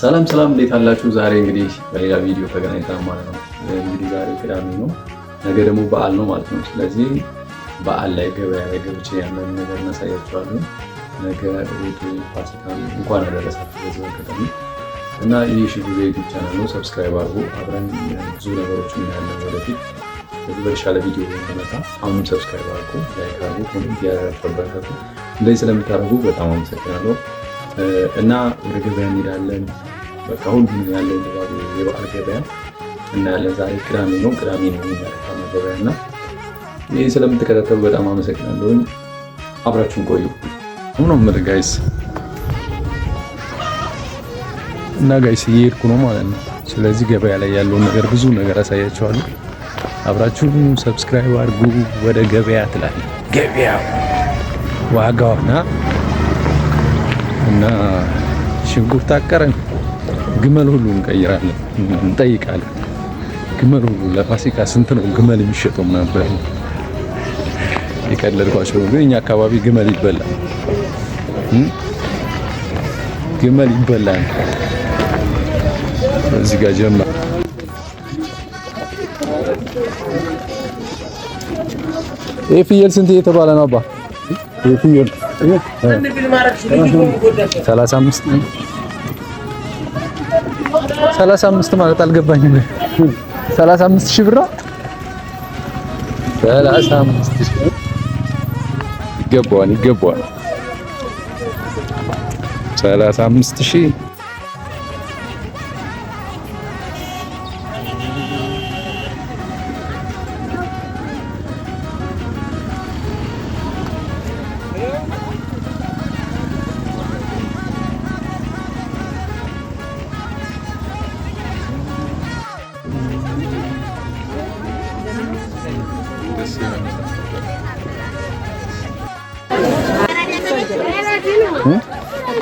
ሰላም ሰላም፣ እንዴት አላችሁ? ዛሬ እንግዲህ በሌላ ቪዲዮ ተገናኝተን ማለት ነው። እንግዲህ ዛሬ ቅዳሜ ነው፣ ነገ ደግሞ በዓል ነው ማለት ነው። ስለዚህ በዓል ላይ ገበያ ላይ ገብቼ ያለን ነገር እናሳያችኋለን። ነገ እሑድ ፋሲካ እንኳን አደረሳችሁ በዚህ አጋጣሚ እና ይህ ሺ ጊዜ ዩቲብ ቻናል ነው። ሰብስክራይብ አድርጉ። አብረን ብዙ ነገሮች እናያለን ወደፊት ከዚህ በተሻለ ቪዲዮ ተመጣ። አሁንም ሰብስክራይብ አድርጉ፣ ላይክ አድርጉ፣ ኮሜንት ያበረታቱ። እንደዚህ ስለምታደርጉ በጣም አመሰግናለሁ እና ወደ ገበያ እንሄዳለን። በቃ ሁሉም ያለው ድባብ የበዓል ገበያ እናያለን። ዛሬ ቅዳሜ ነው፣ ቅዳሜ ነው የሚመለካማ ገበያ እና ይህ ስለምትከታተሉ በጣም አመሰግናለሁኝ። አብራችሁን ቆዩ። አሁን ምር ጋይስ እና ጋይስ እየሄድኩ ነው ማለት ነው። ስለዚህ ገበያ ላይ ያለውን ነገር ብዙ ነገር አሳያችኋለሁ። አብራችሁን ሰብስክራይብ አድርጉ። ወደ ገበያ ትላለህ ገበያ ዋጋውና እና ሽንኩርት አቀረን ግመል ሁሉ እንቀይራለን እንጠይቃለን። ግመል ሁሉ ለፋሲካ ስንት ነው ግመል የሚሸጠው ምናምን ብለን የቀለድኳቸው ግን እኛ አካባቢ ግመል ይበላል፣ ግመል ይበላል። እዚህ ጋር ጀማ ይህ ፍየል ስንት እየተባለ ነው አባ? ይህ ፍየል 35 35 ማለት አልገባኝም። 35 ሺህ ብር 35 ሺህ ይገባዋል፣ ይገባዋል 35 ሺህ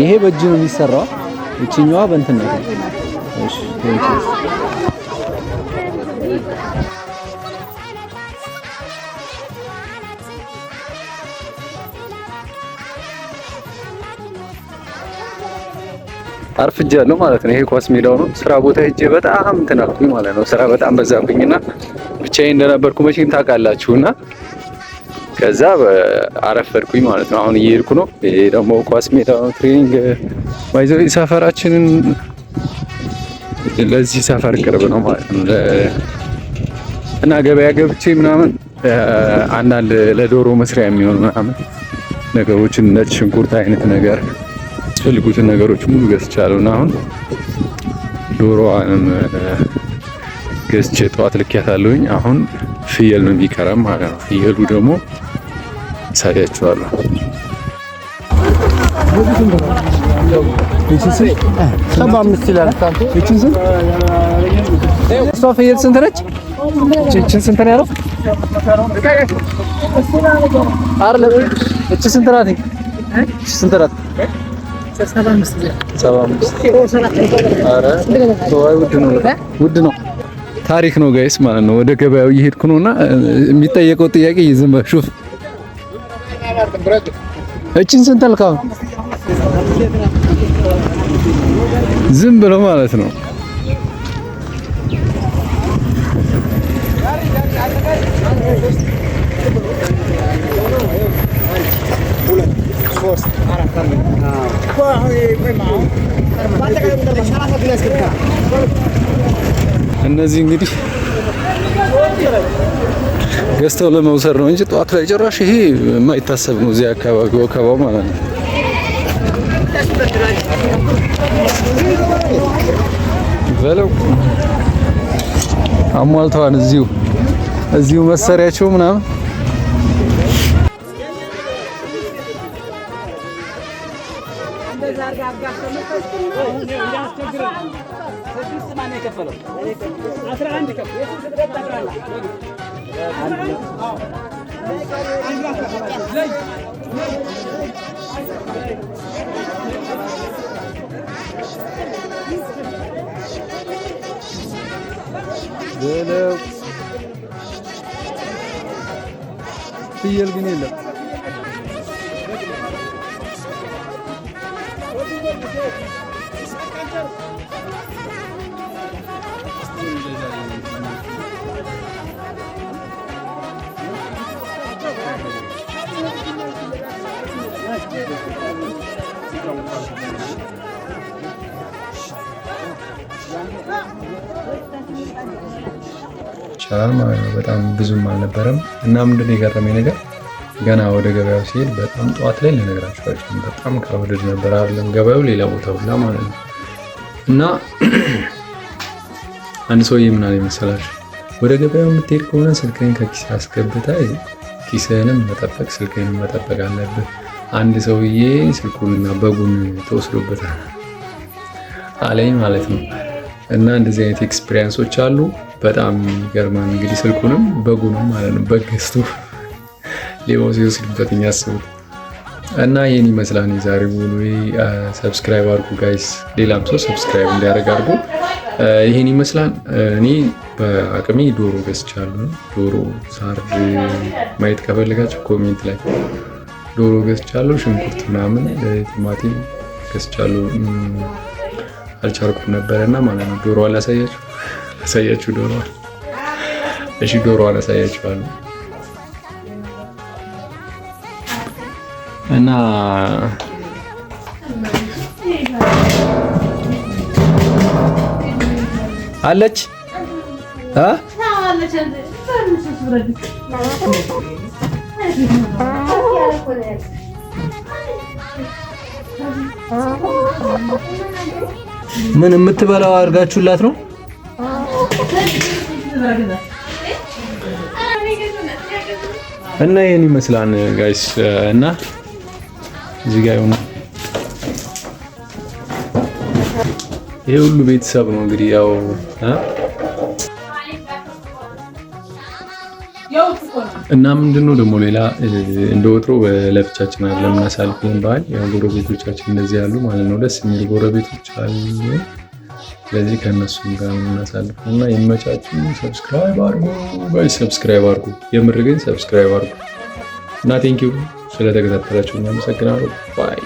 ይሄ በእጅ ነው የሚሰራው። እቺኛዋ በእንትን ነው። እሺ አርፍጃለሁ ማለት ነው። ይሄ ኳስ ሜዳው ነው። ስራ ቦታ ሄጄ በጣም እንትን አልኩኝ ማለት ነው። ስራ በጣም በዛብኝና ብቻዬን እንደነበርኩ መቼም ታውቃላችሁና ከዛ አረፈድኩኝ ማለት ነው። አሁን እየሄድኩ ነው። ይሄ ደግሞ ኳስ ሜዳ ትሬኒንግ ማይዘ ሰፈራችንን ለዚህ ሰፈር ቅርብ ነው ማለት ነው እና ገበያ ገብቼ ምናምን አንዳንድ ለዶሮ መስሪያ የሚሆኑ ምናምን ነገሮችን ነጭ ሽንኩርት አይነት ነገር ያስፈልጉትን ነገሮች ሙሉ ገዝቻለሁ እና አሁን ዶሮዋንም ገዝቼ ጠዋት ልኪያታለሁኝ። አሁን ፍየል ነው የሚከረም ማለት ነው። ፍየሉ ደግሞ ሳያችኋለሁ። እሷ ፍየል ስንት ነች? እችን ስንት ነው ያለው? እች ስንት ናት? ስንት ናት? ውድ ነው። ታሪክ ነው ጋይስ ማለት ነው። ወደ ገበያው እየሄድኩ እና የሚጠየቀው ጥያቄ ይዝም በሹፍ እችን ስንት አልካው? ዝም ብሎ ማለት ነው። እነዚህ እንግዲህ ገዝተው ለመውሰድ ነው እንጂ ጠዋት ላይ ጭራሽ ይሄ የማይታሰብ ነው። እዚያ አካባቢ ወከባው ማለት ነው። በለው አሟልተዋን እዚሁ እዚሁ መሳሪያቸው ምናምን ማነው የከፈለው? አስራ አንድ ፍየል ግን የለም። ይቻላል ማለት ነው። በጣም ብዙም አልነበረም እና ምንድነው የገረመኝ ነገር ገና ወደ ገበያው ሲሄድ በጣም ጠዋት ላይ ልነግራችሁ በጣም ከውድድ ነበር አይደለም ገበያው ሌላ ቦታ ሁላ ማለት ነው። እና አንድ ሰውዬ ምን አለ መሰላችሁ፣ ወደ ገበያው የምትሄድ ከሆነ ስልክህን ከኪስ አስገብታ ኪስህንም መጠበቅ ስልክህንም መጠበቅ አለብህ። አንድ ሰውዬ ስልኩንና በጉን ተወስዶበታል አለኝ ማለት ነው። እና እንደዚህ አይነት ኤክስፒሪየንሶች አሉ። በጣም ይገርማል። እንግዲህ ስልኩንም በጉንም ማለት ነው በገዝቶ ሌባው ሲወስድበት ያስቡት እና ይህን ይመስላል የዛሬ ውሎ። ሰብስክራይብ አድርጉ ጋይስ፣ ሌላም ሰው ሰብስክራይብ እንዲያደርግ አድርጉ። ይህን ይመስላል። እኔ በአቅሜ ዶሮ ገዝቻለሁ። ዶሮ ሳር ማየት ከፈለጋችሁ ኮሜንት ላይ ዶሮ ገዝቻለሁ። ሽንኩርት ምናምን ቲማቲም ገዝቻለሁ። አልቻልኩም ነበረ እና ማለት ነው። ዶሮ አላሳያችሁ አሳያችሁ ዶሮ እሺ፣ ዶሮ አላሳያችኋለሁ እና አለች እ አለች ምን የምትበላው አድርጋችሁላት ነው? እና ይሄን ይመስላል ጋይስ። እና እዚህ ጋር የሆነ ይሄ ሁሉ ቤተሰብ ነው እንግዲህ ያው እና ምንድን ነው ደግሞ ሌላ እንደ ወትሮ በለብቻችን አለ ምናሳልፍልን በዓል ጎረቤቶቻችን እንደዚህ ያሉ ማለት ነው። ደስ የሚል ጎረቤቶች አሉ። ስለዚህ ከእነሱም ጋር የምናሳልፍ እና ይመቻችሁ። ሰብስክራይብ አርጉ፣ ጋይስ፣ ሰብስክራይብ አርጉ፣ የምር ግን ሰብስክራይብ አድርጉ እና ቴንኪዩ ስለተከታተላችሁ እናመሰግናለሁ ባይ